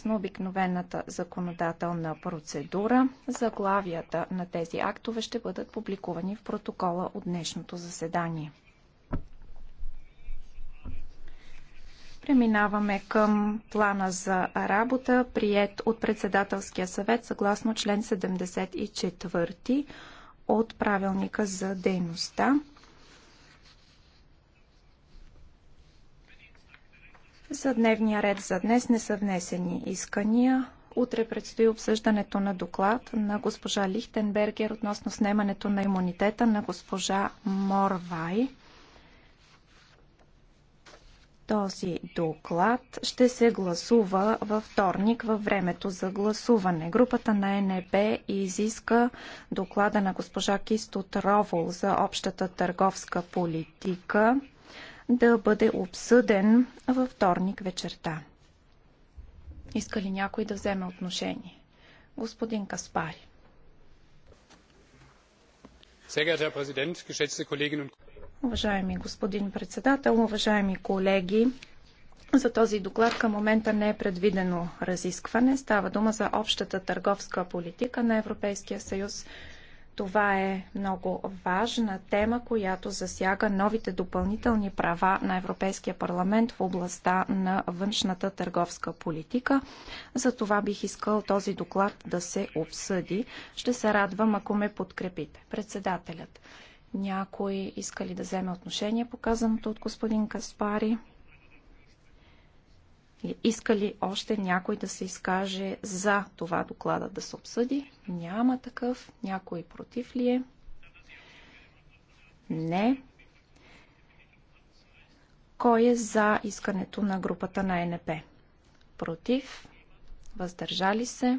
съгласно обикновената законодателна процедура. Заглавията на тези актове ще бъдат публикувани в протокола от днешното заседание. Преминаваме към плана за работа, прият от председателския съвет съгласно член 74 от правилника за дейността. За дневния ред за днес не са внесени искания. Утре предстои обсъждането на доклад на госпожа Лихтенбергер относно снемането на имунитета на госпожа Морвай. Този доклад ще се гласува във вторник във времето за гласуване. Групата на НЕБ изиска доклада на госпожа Кистот Ровол за общата търговска политика да бъде обсъден във вторник вечерта. Иска ли някой да вземе отношение? Господин Каспари. Уважаеми господин председател, уважаеми колеги, за този доклад към момента не е предвидено разискване. Става дума за общата търговска политика на Европейския съюз това е много важна тема, която засяга новите допълнителни права на Европейския парламент в областта на външната търговска политика. За това бих искал този доклад да се обсъди. Ще се радвам, ако ме подкрепите. Председателят. Някой иска ли да вземе отношение показаното от господин Каспари? Иска ли още някой да се изкаже за това доклада да се обсъди? Няма такъв. Някой против ли е? Не. Кой е за искането на групата на НП? Против? Въздържали се?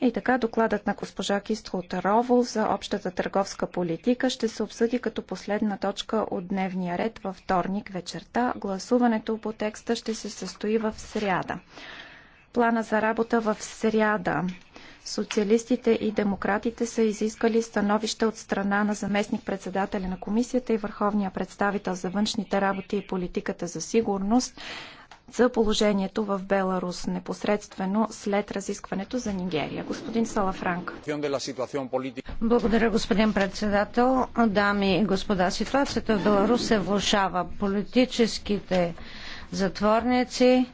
И така докладът на госпожа Кистрот Ровол за общата търговска политика ще се обсъди като последна точка от дневния ред във вторник вечерта. Гласуването по текста ще се състои в сряда. Плана за работа в сряда. Социалистите и демократите са изискали становища от страна на заместник-председателя на комисията и върховния представител за външните работи и политиката за сигурност за положението в Беларус непосредствено след разискването за Нигерия. Господин Салафранк. Благодаря, господин председател. Дами и господа, ситуацията в Беларус се влушава. Политическите затворници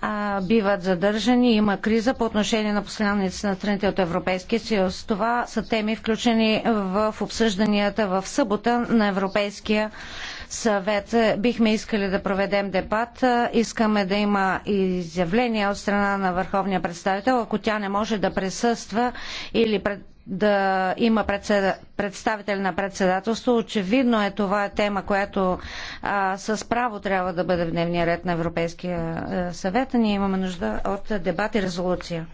а, биват задържани. Има криза по отношение на посланици на страните от Европейския съюз. Това са теми включени в обсъжданията в събота на Европейския съюз съвет. Бихме искали да проведем дебат. Искаме да има изявление от страна на върховния представител, ако тя не може да присъства или пред да има представител на председателство. Очевидно е това е тема, която а, с право трябва да бъде в дневния ред на Европейския съвет. Ние имаме нужда от дебат и резолюция.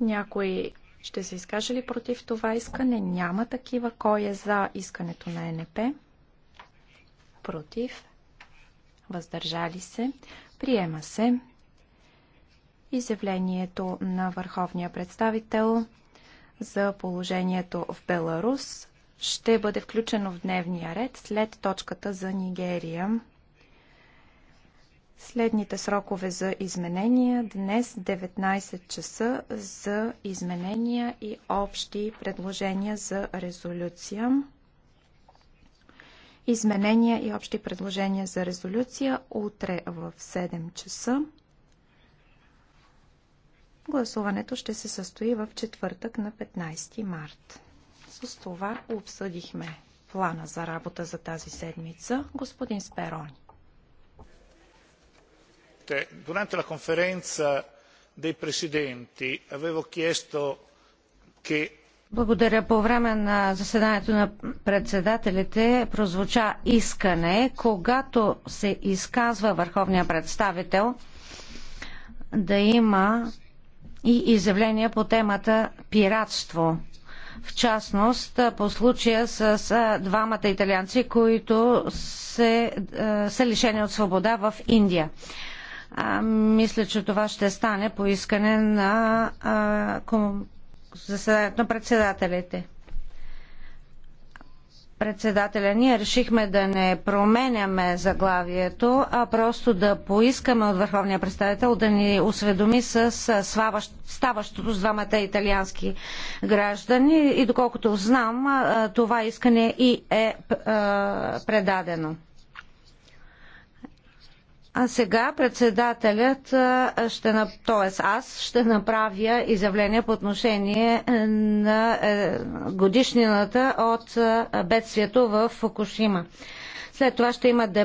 Някой ще се изкаже ли против това искане? Няма такива. Кой е за искането на НП? Против. Въздържали се. Приема се. Изявлението на върховния представител за положението в Беларус ще бъде включено в дневния ред след точката за Нигерия. Следните срокове за изменения днес 19 часа за изменения и общи предложения за резолюция. Изменения и общи предложения за резолюция утре в 7 часа. Гласуването ще се състои в четвъртък на 15 март. С това обсъдихме плана за работа за тази седмица. Господин Сперони presidente durante la conferenza dei presidenti avevo chiesto che благодаря. По време на заседанието на председателите прозвуча искане, когато се изказва върховния представител, да има и изявления по темата пиратство. В частност, по случая с двамата италианци, които се, са лишени от свобода в Индия. А, мисля, че това ще стане по искане на заседанието на председателите. Председателя, ние решихме да не променяме заглавието, а просто да поискаме от върховния представител да ни осведоми с ставащото с двамата италиански граждани и доколкото знам, това искане и е предадено. А сега председателят, ще, т.е. аз, ще направя изявление по отношение е, на е, годишнината от бедствието в Фукушима. След това ще има